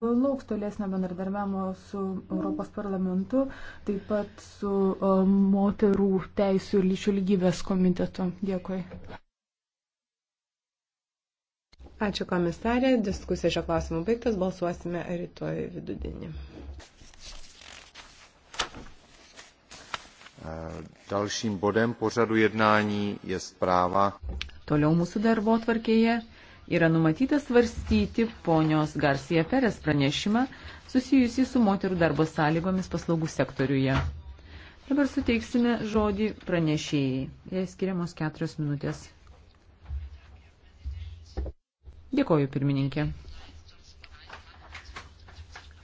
Lauks tolesnio bendradarbiavimo su Europos parlamentu, taip pat su e, moterų teisų ir lyčių lygybės komitetu. Dėkui. Ačiū komisarė. Diskusija šio klausimu baigtas. Balsuosime rytoj vidudienį. E, dalším bodem pořadu jednání je zpráva. Toliau mūsų darbo tvarkėje yra numatyta svarstyti ponios Garcia Perės pranešimą susijusį su moterų darbo sąlygomis paslaugų sektoriuje. Dabar suteiksime žodį pranešėjai. Jai skiriamos keturios minutės. Dėkoju, pirmininkė.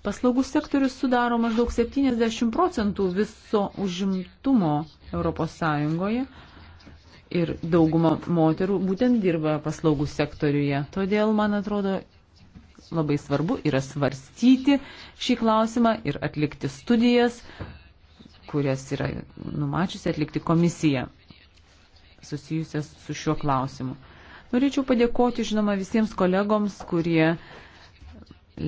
Paslaugų sektorius sudaro maždaug 70 procentų viso užimtumo ES ir dauguma moterų būtent dirba paslaugų sektoriuje. Todėl, man atrodo, labai svarbu yra svarstyti šį klausimą ir atlikti studijas, kurias yra numačiusi atlikti komisija susijusias su šiuo klausimu. Norėčiau padėkoti, žinoma, visiems kolegoms, kurie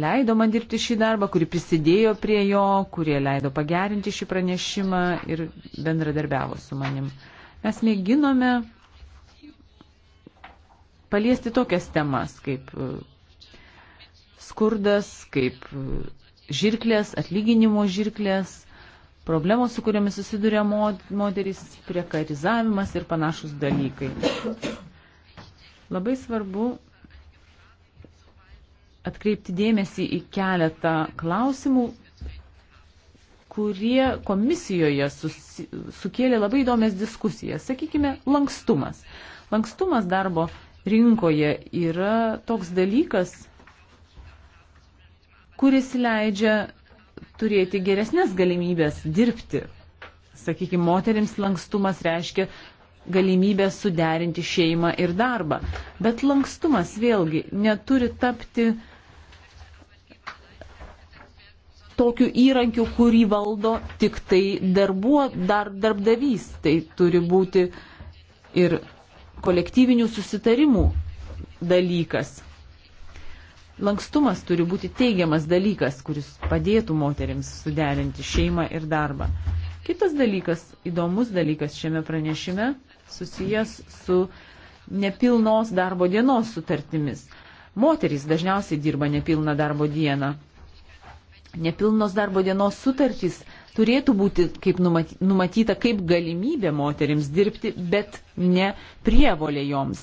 leido man dirbti šį darbą, kuri prisidėjo prie jo, kurie leido pagerinti šį pranešimą ir bendradarbiavo su manim. Mes mėginome paliesti tokias temas kaip e, skurdas, kaip e, žirklės, atlyginimo žirklės, problemos, su kuriomis susiduria moteris, prekarizavimas ir panašus dalykai. Labai svarbu atkreipti dėmesį į keletą klausimų, kurie komisijoje susi, sukėlė labai įdomias diskusijas. Sakykime, lankstumas. Lankstumas darbo rinkoje yra toks dalykas, kuris leidžia turėti geresnės galimybės dirbti. Sakykime, moteriams lankstumas reiškia galimybę suderinti šeimą ir darbą. Bet lankstumas vėlgi neturi tapti uh, tokiu įrankiu, kurį valdo tik tai darbuo, dar darbdavys. Tai turi būti ir kolektyvinių susitarimų dalykas. Lankstumas turi būti teigiamas dalykas, kuris padėtų moteriams suderinti šeimą ir darbą. Kitas dalykas, įdomus dalykas šiame pranešime susijęs su nepilnos darbo dienos sutartimis. Moterys dažniausiai dirba nepilną darbo dieną. Nepilnos darbo dienos sutartys turėtų būti kaip numatyta kaip galimybė moterims dirbti, bet ne prievolė joms.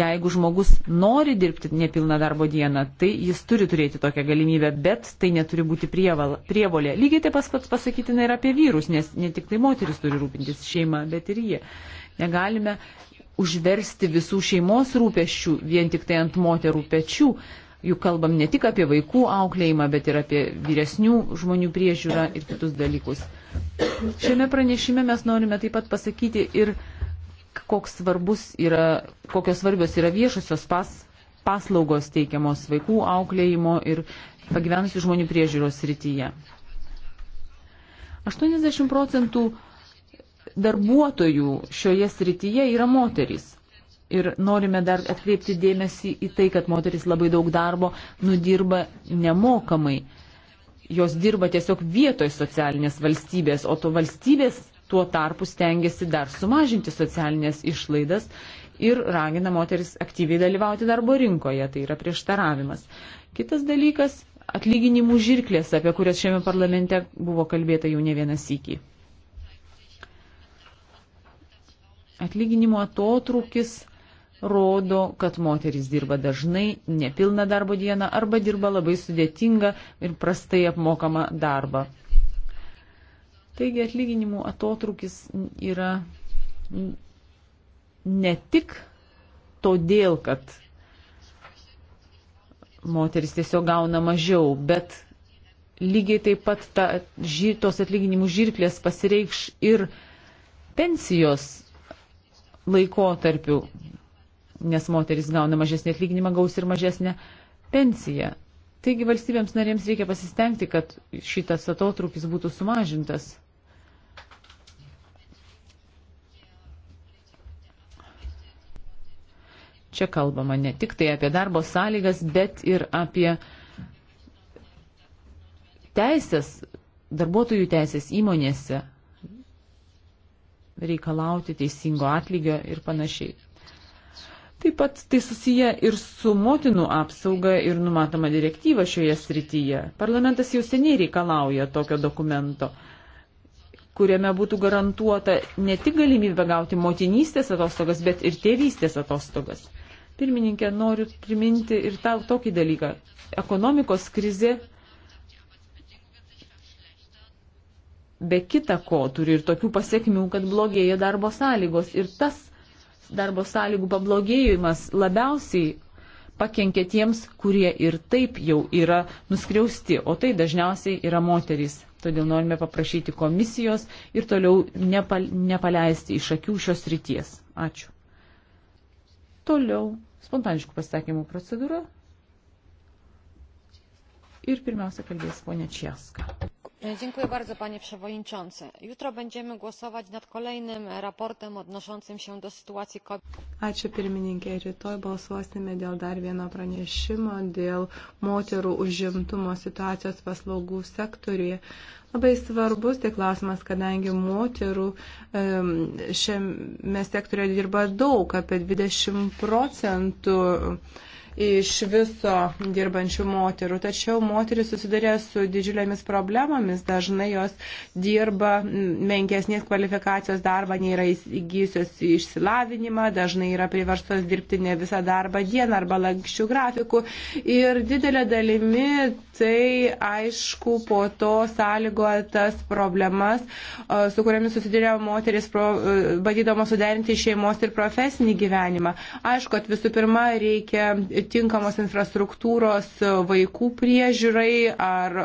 Jeigu žmogus nori dirbti nepilną darbo dieną, tai jis turi turėti tokią galimybę, bet tai neturi būti prieval, prievolė. Lygiai taip pat pasakytina ir apie vyrus, nes ne tik tai moteris turi rūpintis šeima, bet ir jie. Negalime užversti visų šeimos rūpešių vien tik tai ant moterų pečių juk kalbam ne tik apie vaikų auklėjimą, bet ir apie vyresnių žmonių priežiūrą ir kitus dalykus. Šiame pranešime mes norime taip pat pasakyti ir, koks svarbus yra, kokios svarbios yra viešosios pas, paslaugos teikiamos vaikų auklėjimo ir pagyvenusių žmonių priežiūros srityje. 80 procentų darbuotojų šioje srityje yra moterys. Ir norime dar atkreipti dėmesį į tai, kad moteris labai daug darbo nudirba nemokamai. Jos dirba tiesiog vietoj socialinės valstybės, o to valstybės tuo tarpu stengiasi dar sumažinti socialinės išlaidas ir ragina moteris aktyviai dalyvauti darbo rinkoje. Tai yra prieštaravimas. Kitas dalykas - atlyginimų žirklės, apie kurias šiame parlamente buvo kalbėta jau ne vieną sykį. atlyginimo atotrukis rodo, kad moteris dirba dažnai, nepilną darbo dieną arba dirba labai sudėtingą ir prastai apmokamą darbą. Taigi atlyginimų atotrukis yra ne tik todėl, kad moteris tiesiog gauna mažiau, bet lygiai taip pat ta, ži, tos atlyginimų žirklės pasireikš ir pensijos laikotarpiu nes moteris gauna mažesnį atlyginimą, gaus ir mažesnę pensiją. Taigi valstybėms narėms reikia pasistengti, kad šitas atotrukis būtų sumažintas. Čia kalbama ne tik tai apie darbo sąlygas, bet ir apie teisės, darbuotojų teisės įmonėse reikalauti teisingo atlygio ir panašiai. Taip pat tai susiję ir su motinų apsauga ir numatoma direktyva šioje srityje. Parlamentas jau seniai reikalauja tokio dokumento, kuriame būtų garantuota ne tik galimybė gauti motinystės atostogas, bet ir tėvystės atostogas. Pirmininkė, noriu priminti ir tau tokį dalyką. Ekonomikos krizė be kita ko turi ir tokių pasiekmių, kad blogėja darbo sąlygos. Ir tas darbo sąlygų pablogėjimas labiausiai pakenkia tiems, kurie ir taip jau yra nuskriausti, o tai dažniausiai yra moterys. Todėl norime paprašyti komisijos ir toliau nepal nepaleisti iš akių šios ryties. Ačiū. Toliau spontaniškų pasakymų procedūra. Ir pirmiausia kalbės ponia Česka. E, panie przewodniczący! jutro będziemy głosować nad kolejnym sprawozdaniem odnoszącym się do sytuacji kobiet. ačiū pirmininke rytoj balsuosime dėl dar vieno pranešimo dėl moterų užimtumo situacijos paslaugų sektoriuje. labai svarbus tai klausimas kadangi moterų šiame sektoriuje dirba daug apie dvidešimt procentų iš viso dirbančių moterų. Tačiau moteris susiduria su didžiulėmis problemomis. Dažnai jos dirba menkesnės kvalifikacijos darbą, nei yra įgyjusios išsilavinimą, dažnai yra priverstos dirbti ne visą darbą dieną arba lankščių grafikų. Ir didelė dalimi tai aišku po to sąlygoja tas problemas, su kuriamis susiduria moteris, bandydama suderinti šeimos ir profesinį gyvenimą. Aišku, kad visų pirma reikia tinkamos infrastruktūros e, vaikų priežiūrai ar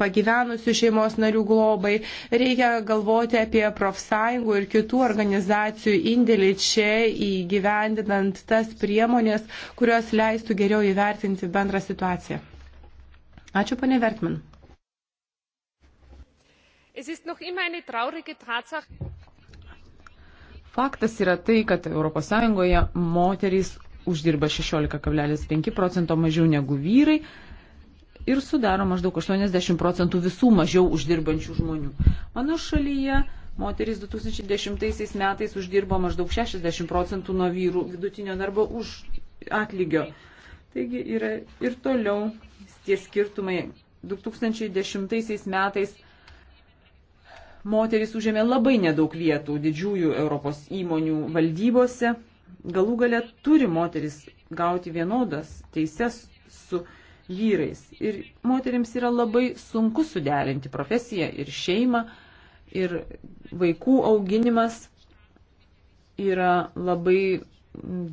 pagyvenusių šeimos narių globai. Reikia galvoti apie profsąjungų ir kitų organizacijų indėlį čia įgyvendinant tas priemonės, kurios leistų geriau įvertinti bendrą situaciją. Ačiū, ponė Vertman. Faktas yra tai, kad ES moterys uždirba 16,5 procento mažiau negu vyrai ir sudaro maždaug 80 procentų visų mažiau uždirbančių žmonių. Mano šalyje moteris 2010 metais uždirbo maždaug 60 procentų nuo vyrų vidutinio darbo už atlygio. Taigi yra ir toliau tie skirtumai. 2010 metais moteris užėmė labai nedaug vietų didžiųjų Europos įmonių valdybose Galų gale turi moteris gauti vienodas teises su vyrais. Ir moteriams yra labai sunku suderinti profesiją ir šeimą, ir vaikų auginimas yra labai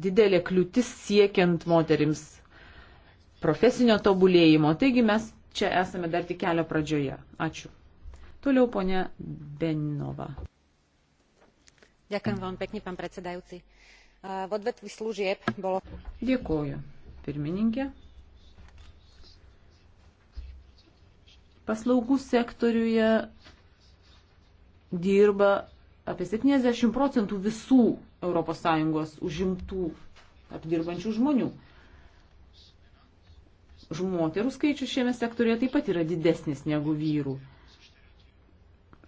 didelė kliūtis siekiant moterims profesinio tobulėjimo. Taigi mes čia esame dar tik kelio pradžioje. Ačiū. Toliau ponia Beninova. Ďakujem veľmi pekne, pán predsedajúci v odvetvi služieb bolo. Dėkoju, pirmininkė. Paslaugų sektoriuje dirba apie 70 procentų visų ES užimtų apdirbančių žmonių. Žmoterų skaičius šiame sektorėje taip pat yra didesnis negu vyrų.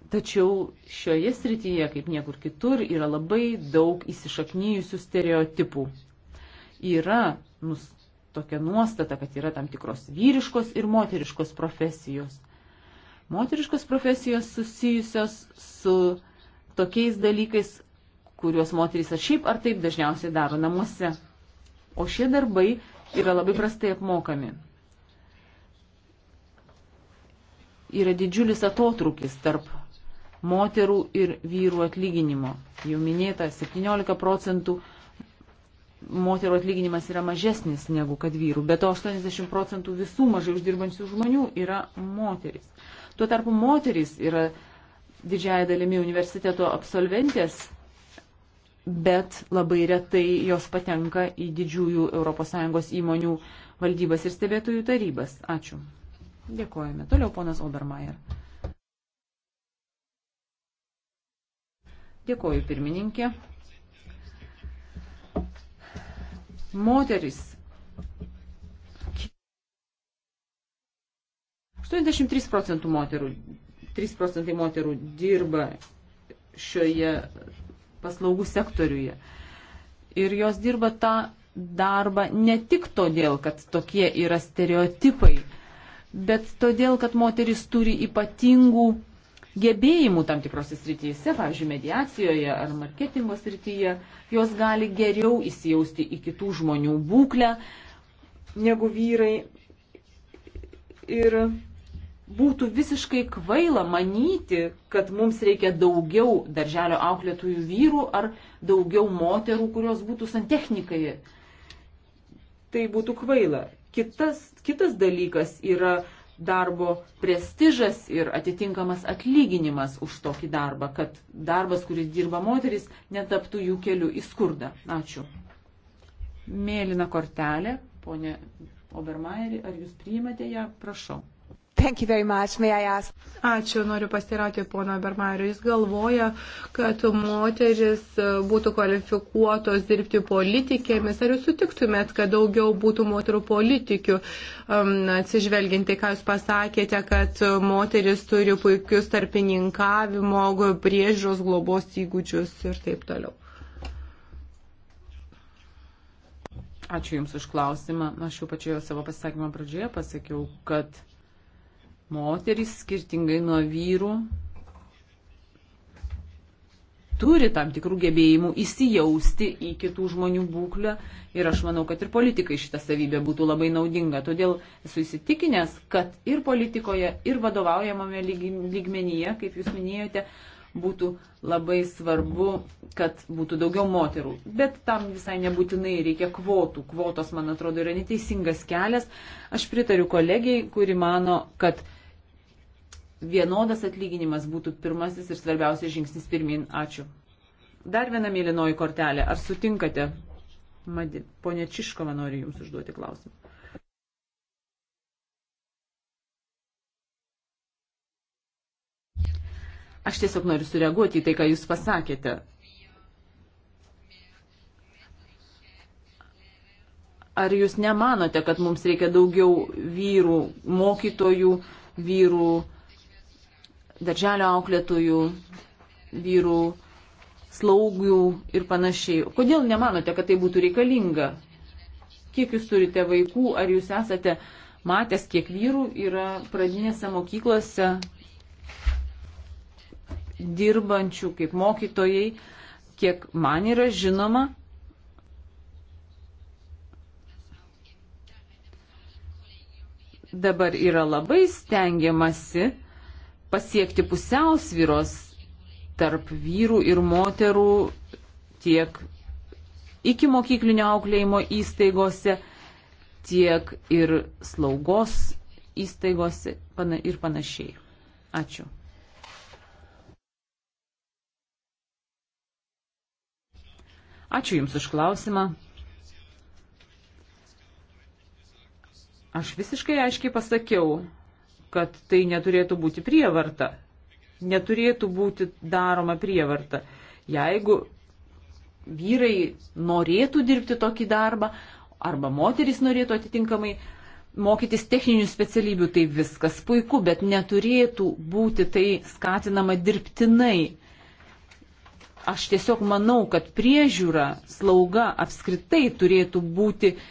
Tačiau šioje srityje, kaip niekur kitur, yra labai daug įsišaknyjusių stereotipų. Yra nus, tokia nuostata, kad yra tam tikros vyriškos ir moteriškos profesijos. Moteriškos profesijos susijusios su tokiais dalykais, kuriuos moterys ar šiaip ar taip dažniausiai daro namuose. O šie darbai yra labai prastai apmokami. Yra didžiulis atotrukis tarp moterų ir vyrų atlyginimo. Jau minėta, 17 procentų moterų atlyginimas yra mažesnis negu kad vyrų, bet 80 procentų visų mažai uždirbančių žmonių yra moteris. Tuo tarpu moteris yra didžiaja dalimi universiteto absolventės, bet labai retai jos patenka į didžiųjų ES įmonių valdybas ir stebėtojų tarybas. Ačiū. Dėkojame. Toliau ponas Obermeier. Dėkoju, pirmininkė. Moteris 83 procentų moterų, 3 procentai moterų dirba šioje paslaugų sektoriuje. Ir jos dirba tą darbą ne tik todėl, kad tokie yra stereotipai, bet todėl, kad moteris turi ypatingų gebėjimų tam tikrose srityse, pavyzdžiui, mediacijoje ar marketingo srityje, jos gali geriau įsijausti į kitų žmonių būklę negu vyrai. Ir būtų visiškai kvaila manyti, kad mums reikia daugiau darželio auklėtųjų vyrų ar daugiau moterų, kurios būtų santechnikai. Tai būtų kvaila. Kitas, kitas dalykas yra darbo prestižas ir atitinkamas atlyginimas už tokį darbą, kad darbas, kuris dirba moteris, netaptų jų keliu į skurdą. Ačiū. Mėlyna kortelė, ponė Obermairi, ar jūs priimate ją? Prašau. Ask... Ačiū, noriu pasirauti pono Bermario. Jis galvoja, kad moteris būtų kvalifikuotos dirbti politikėmis. Ar jūs sutiktumėt, kad daugiau būtų moterų politikių? Um, atsižvelginti, ką jūs pasakėte, kad moteris turi puikius tarpininkavimo, priežiūros, globos įgūdžius ir taip toliau. Ačiū Jums už klausimą. Aš jau pačioje savo pasisakymo pradžioje pasakiau, kad Moterys skirtingai nuo vyrų turi tam tikrų gebėjimų įsijausti į kitų žmonių būklę ir aš manau, kad ir politikai šitą savybę būtų labai naudinga. Todėl esu įsitikinęs, kad ir politikoje, ir vadovaujamame lygmenyje, kaip jūs minėjote, būtų labai svarbu, kad būtų daugiau moterų. Bet tam visai nebūtinai reikia kvotų. Kvotos, man atrodo, yra neteisingas kelias. Aš pritariu kolegijai, kuri mano, kad vienodas atlyginimas būtų pirmasis ir svarbiausias žingsnis pirmin. Ačiū. Dar viena mėlynoji kortelė. Ar sutinkate? Madi, ponė Čiškova nori Jums užduoti klausimą. Aš tiesiog noriu sureaguoti į tai, ką Jūs pasakėte. Ar Jūs nemanote, kad mums reikia daugiau vyrų, mokytojų, vyrų uh, darželio auklėtojų, vyrų, slaugių ir panašiai. Kodėl nemanote, kad tai būtų reikalinga? Kiek jūs turite vaikų, ar jūs esate matęs, kiek vyrų yra pradinėse mokyklose dirbančių kaip mokytojai, kiek man yra žinoma, dabar yra labai stengiamasi pasiekti pusiausvyros tarp vyrų ir moterų tiek iki mokyklinio auklėjimo įstaigose, tiek ir slaugos įstaigose pana, ir panašiai. Ačiū. Ačiū Jums už klausimą. Aš visiškai aiškiai pasakiau, kad tai neturėtų būti prievarta. Neturėtų būti daroma prievarta. Jeigu vyrai norėtų dirbti tokį darbą, arba moteris norėtų atitinkamai mokytis techninių specialybių, tai viskas puiku, bet neturėtų būti tai skatinama dirbtinai. Aš tiesiog manau, kad priežiūra, slauga apskritai turėtų būti uh,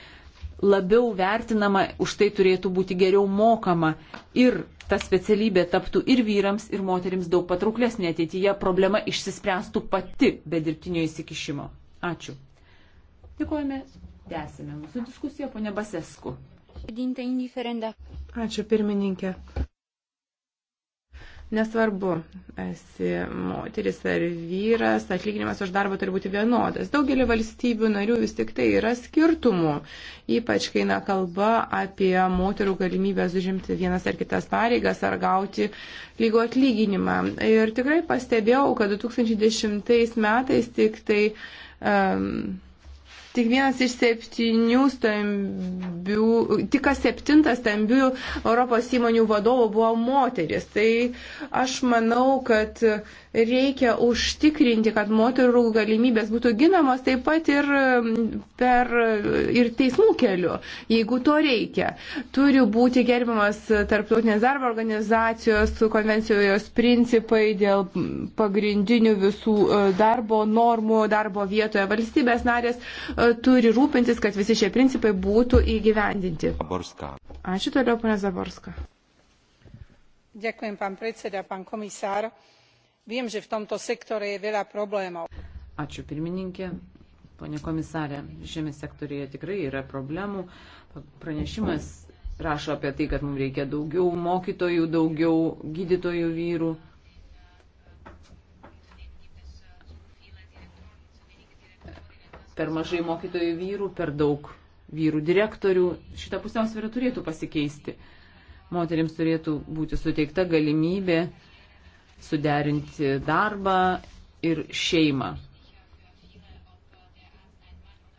labiau vertinama, už tai turėtų būti geriau mokama ir ta specialybė taptų ir vyrams, ir moteriams daug patrauklesnė ateityje, problema išsispręstų pati be dirbtinio įsikišimo. Ačiū. Dėkojame, tęsime mūsų diskusiją, ponė Basesku. Ačiū pirmininkė. Nesvarbu, esi moteris ar vyras, atlyginimas už darbą turi būti vienodas. Daugelį valstybių narių vis tik tai yra skirtumų, ypač kai na kalba apie moterų galimybės užimti vienas ar kitas pareigas ar gauti lygo atlyginimą. Ir tikrai pastebėjau, kad 2010 metais tik tai. Um, Tik vienas iš septynių stambių, tik kas septintas stambių Europos įmonių vadovų buvo moteris. Tai aš manau, kad reikia užtikrinti, kad moterų galimybės būtų ginamos taip pat ir mm, per ir teismų keliu, jeigu to reikia. Turi būti gerbiamas tarptautinės darbo organizacijos konvencijos principai dėl pagrindinių visų e, darbo normų darbo vietoje. Valstybės narės e, turi rūpintis, kad visi šie principai būtų įgyvendinti. Zaborska. Ačiū toliau, pana Zaborska. Ďakujem, pán predseda, pán komisár. Viem, že v tomto sektore je veľa problémov. Ačiū pirmininkė. Pone komisarė, šiame sektorėje tikrai yra problemų. Pranešimas rašo apie tai, kad mums reikia daugiau mokytojų, daugiau gydytojų vyrų. per mažai mokytojų vyrų, per daug vyrų direktorių. Šitą pusiausvyrą turėtų pasikeisti. Moterims turėtų būti suteikta galimybė suderinti darbą ir šeimą.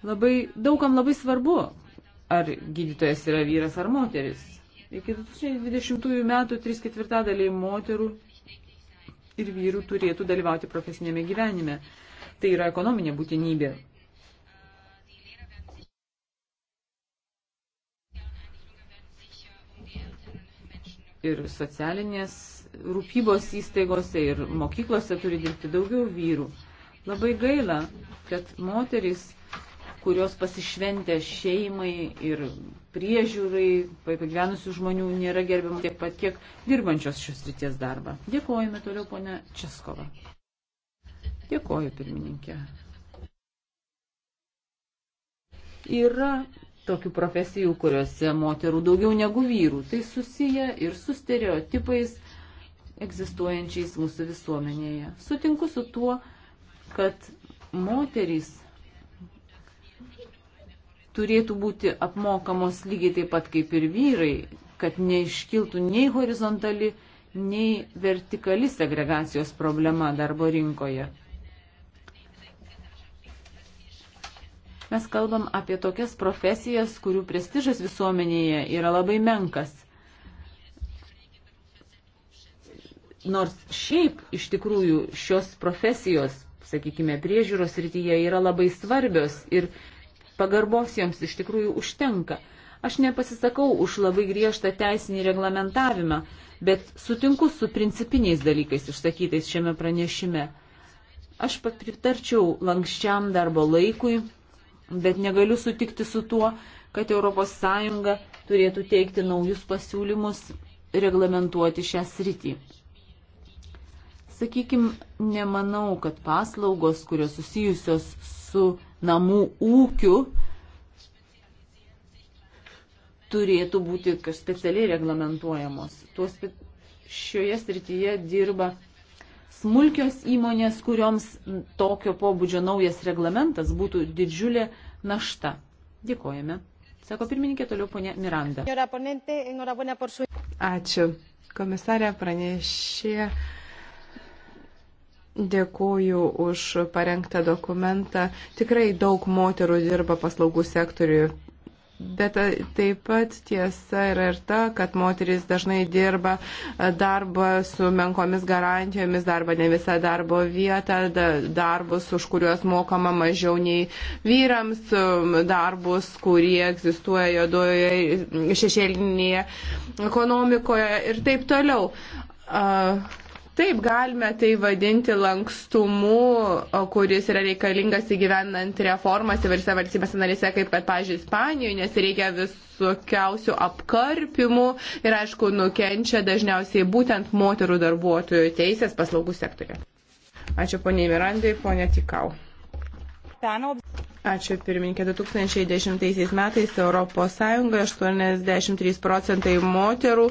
Labai, daugam labai svarbu, ar gydytojas yra vyras ar moteris. Iki 2020 metų 3 ketvirtadaliai moterų ir vyrų turėtų dalyvauti profesinėme gyvenime. Tai yra ekonominė būtinybė. ir socialinės rūpybos įstaigose, ir mokyklose turi dirbti daugiau vyrų. Labai gaila, kad moteris, kurios pasišventė šeimai ir priežiūrai, pagyvenusių žmonių nėra gerbiamų tiek pat, kiek dirbančios šios ryties darbą. Dėkojame toliau, ponia Českova. Dėkoju, pirmininkė. Yra tokių profesijų, kuriuose moterų daugiau negu vyrų. Tai susiję ir su stereotipais egzistuojančiais mūsų visuomenėje. Sutinku su tuo, kad moterys turėtų būti apmokamos lygiai taip pat kaip ir vyrai, kad neiškiltų nei horizontali, nei vertikali segregacijos problema darbo rinkoje. Mes kalbam apie tokias profesijas, kurių prestižas visuomenėje yra labai menkas. Nors šiaip iš tikrųjų šios profesijos, sakykime, priežiūros rytyje yra labai svarbios ir pagarbos joms iš tikrųjų užtenka. Aš nepasisakau už labai griežtą teisinį reglamentavimą, bet sutinku su principiniais dalykais išsakytais šiame pranešime. Aš pritarčiau lankščiam darbo laikui, bet negaliu sutikti su tuo, kad ES turėtų teikti naujus pasiūlymus reglamentuoti šią sritį. Sakykime, nemanau, kad paslaugos, kurios susijusios su namų ūkiu, turėtų būti specialiai reglamentuojamos. Tuos šioje srityje dirba smulkios įmonės, kurioms tokio pobūdžio naujas reglamentas būtų didžiulė našta. Dėkojame. Sako pirmininkė toliau ponė Miranda. Ačiū. Komisarė pranešė. Dėkuoju už parengtą dokumentą. Tikrai daug moterų dirba paslaugų sektoriuje Bet e, taip pat tiesa yra ir ta, kad moteris dažnai dirba e, darbą su menkomis garantijomis, darbą ne visą darbo vietą, darbus, už kuriuos mokama mažiau nei vyrams, e, darbus, kurie egzistuoja jodoje šešėlinėje ekonomikoje ir taip toliau. Uh, Taip, galime tai vadinti lankstumu, kuris yra reikalingas įgyvenant reformas įvairiose valstybėse narėse, kaip kad, pažiūrėjau, Ispanijoje, nes reikia visokiausių apkarpimų ir, aišku, nukenčia dažniausiai būtent moterų darbuotojų teisės paslaugų sektorė. Ačiū poniai Mirandai, ponia Tikau. Ačiū pirmininkė. 2010 metais Europos Sąjungoje 83 procentai moterų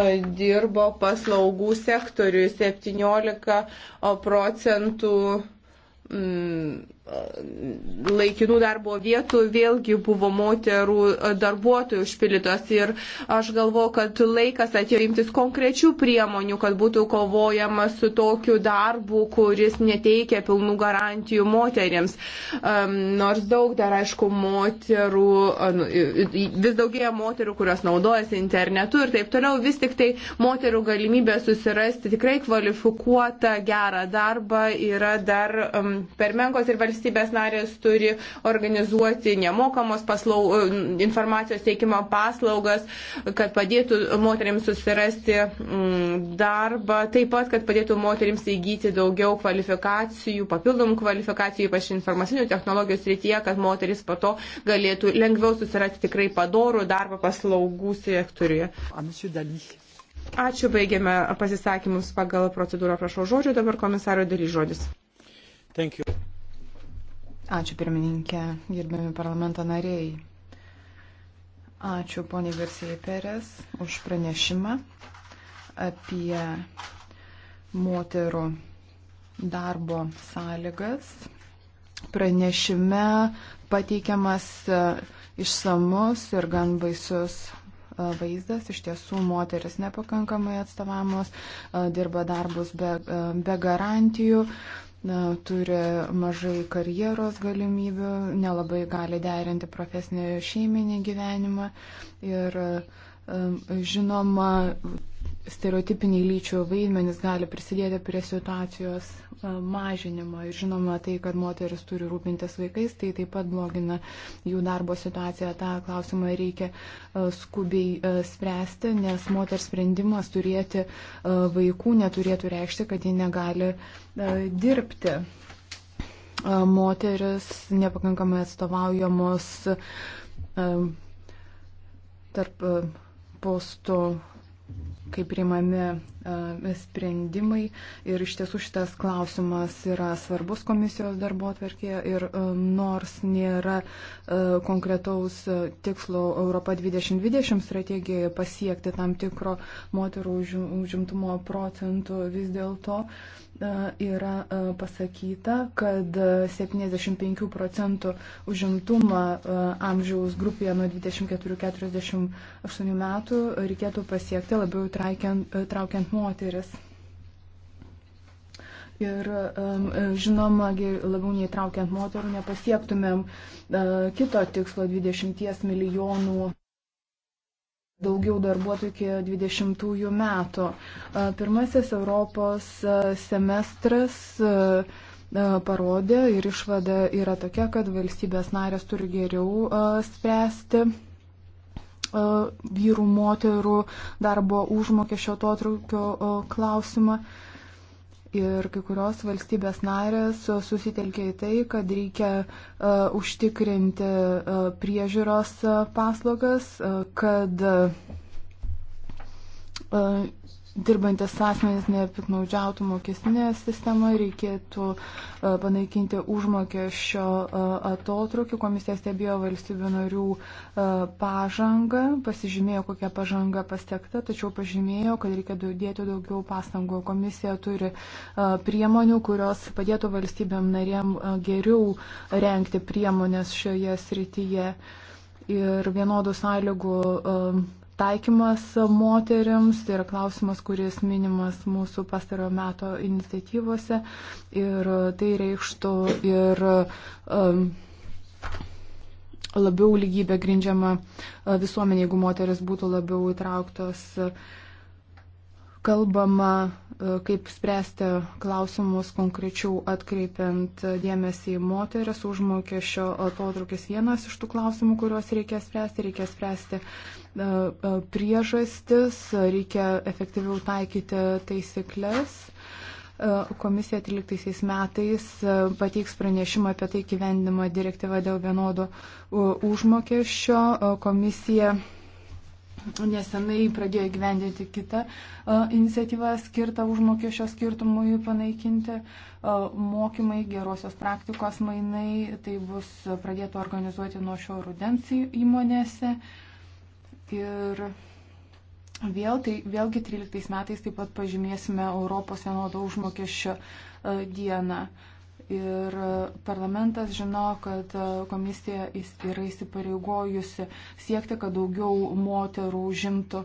E, dirbo paslaugų sektoriui 17 procentų. Mm, laikinų darbo vietų vėlgi buvo moterų darbuotojų užpildytos ir aš galvoju, kad laikas atėjo imtis konkrečių priemonių, kad būtų kovojama su tokiu darbu, kuris neteikia pilnų garantijų moteriams. Nors daug dar, aišku, moterų, nu, vis daugėja moterų, kurios naudojasi internetu ir taip toliau, vis tik tai moterų galimybė susirasti tikrai kvalifikuotą gerą darbą yra dar per menkos ir valstybės valstybės narės turi organizuoti nemokamos paslau, informacijos teikimo paslaugas, kad padėtų moteriams susirasti mm, darbą, taip pat, kad padėtų moteriams įgyti daugiau kvalifikacijų, papildomų kvalifikacijų, ypač informacinių technologijų srityje, kad moteris po to galėtų lengviau susirasti tikrai padorų darbą paslaugų sektoriuje. Ačiū, baigėme pasisakymus pagal procedūrą, prašau žodžio, dabar komisaro daly žodis. Thank you. Ačiū pirmininkė, gerbiami parlamento nariai. Ačiū poniai Garsijai Perės už pranešimą apie moterų darbo sąlygas. Pranešime pateikiamas e, išsamus ir gan baisus e, vaizdas. Iš tiesų, moteris nepakankamai atstovamos, e, dirba darbus be, be garantijų, na, turi mažai karjeros galimybių, nelabai gali derinti profesinį šeiminį gyvenimą. Ir žinoma, stereotipiniai lyčių vaidmenys gali prisidėti prie situacijos e, mažinimo. Ir žinoma, tai, kad moteris turi rūpintis vaikais, tai taip pat blogina jų darbo situaciją. Ta klausimą reikia e, skubiai e, spręsti, nes moters sprendimas turėti vaikų neturėtų reikšti, kad ji negali dirbti. Moteris nepakankamai atstovaujamos tarp postų kaip priimami sprendimai. Ir iš tiesų šitas klausimas yra svarbus komisijos darbo atverkėje ir nors nėra konkretaus tikslo Europa 2020 strategijoje pasiekti tam tikro moterų užimtumo procentų, vis dėlto E, yra e, pasakyta, kad 75 e, procentų užimtumą amžiaus grupėje nuo 24-48 metų reikėtų pasiekti labiau traukiant, traukiant moteris. Ir žinoma, labiau neįtraukiant moterų nepasiektumėm kito tikslo 20 milijonų daugiau darbuotojų iki 20 metų. Pirmasis Europos semestras parodė ir išvada yra tokia, kad valstybės narės turi geriau spręsti vyrų, moterų darbo užmokesčio atotrukio klausimą. Ir kai kurios valstybės narės susitelkė į tai, kad reikia uh, užtikrinti uh, priežiūros uh, paslaugas, uh, kad uh, dirbantis asmenys nepiknaudžiautų mokestinė sistema, reikėtų e, panaikinti užmokesčio e, atotrukį. Komisija stebėjo valstybių narių e, pažangą, pasižymėjo, kokia pažanga pasiekta, tačiau pažymėjo, kad reikia dėti daugiau pastangų. Komisija turi priemonių, kurios padėtų valstybėm narėm geriau renkti priemonės šioje srityje ir vienodų sąlygų taikymas moteriams, tai yra klausimas, kuris minimas mūsų pastarojo meto iniciatyvose ir tai reikštų ir um, labiau lygybę grindžiama uh, visuomenė, jeigu moteris būtų labiau įtrauktos. Uh, kalbama, e, kaip spręsti klausimus konkrečiau atkreipiant dėmesį į moteris užmokesčio atotrukis. Vienas iš tų klausimų, kuriuos reikia spręsti, reikia spręsti e, e, priežastis, reikia efektyviau taikyti taisyklės. Komisija 13 metais pateiks pranešimą apie tai gyvendimą direktyvą dėl vienodo užmokesčio. Komisija nesenai pradėjo įgyvendinti kitą iniciatyvą skirtą užmokesčio skirtumui panaikinti. Mokymai, gerosios praktikos mainai, tai bus pradėta organizuoti nuo šio rudens įmonėse. Ir vėl, tai, vėlgi 13 metais taip pat pažymėsime Europos vienodo užmokesčio dieną. Uh, ir parlamentas žino, kad komisija yra įsipareigojusi siekti, kad daugiau moterų žimtų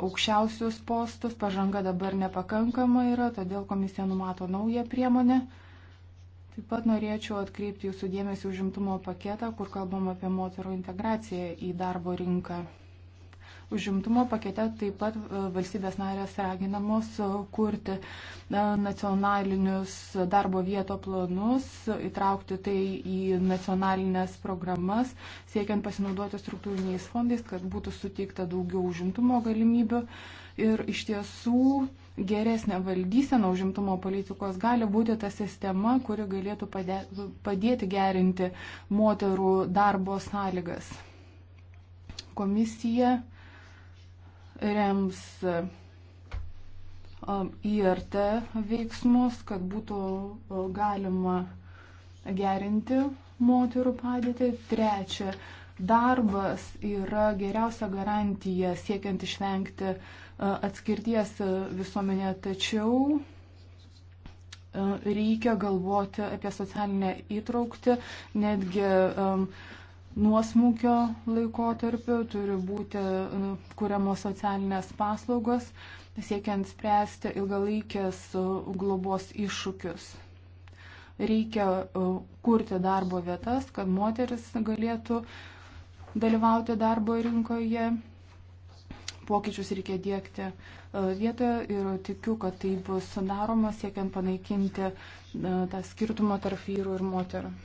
aukščiausius postus. Pažanga dabar nepakankama yra, todėl komisija numato naują priemonę. Taip pat norėčiau atkreipti jūsų dėmesį užimtumo paketą, kur kalbam apie moterų integraciją į darbo rinką. Užimtumo pakete taip pat e, valstybės narės raginamos e, kurti e, nacionalinius darbo vieto planus, įtraukti tai į nacionalinės programas, siekiant pasinaudoti struktūriniais fondais, kad būtų suteikta daugiau užimtumo galimybių. Ir iš tiesų geresnė valdysena užimtumo politikos gali būti ta sistema, kuri galėtų padė, padėti gerinti moterų darbo sąlygas. Komisija rems um, IRT veiksmus, kad būtų uh, galima gerinti moterų padėtį. Trečia, darbas yra geriausia garantija siekiant išvengti uh, atskirties visuomenėje, tačiau uh, reikia galvoti apie socialinę įtraukti, netgi um, nuosmukio laikotarpiu, turi būti kuriamos socialinės paslaugos, siekiant spręsti ilgalaikės e, globos iššūkius. Reikia e, kurti darbo vietas, kad moteris galėtų dalyvauti darbo rinkoje. Pokyčius reikia dėkti e, vietoje ir tikiu, kad tai bus daroma siekiant panaikinti tą skirtumą tarp vyrų ir moterų.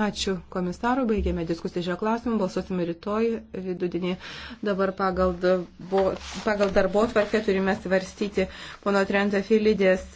Ačiū komisaru, baigėme diskusiją šio klausimu, balsuosime rytoj vidudinį. Dabar pagal, darbo, pagal darbo tvarkę turime svarstyti pono Trenta Filidės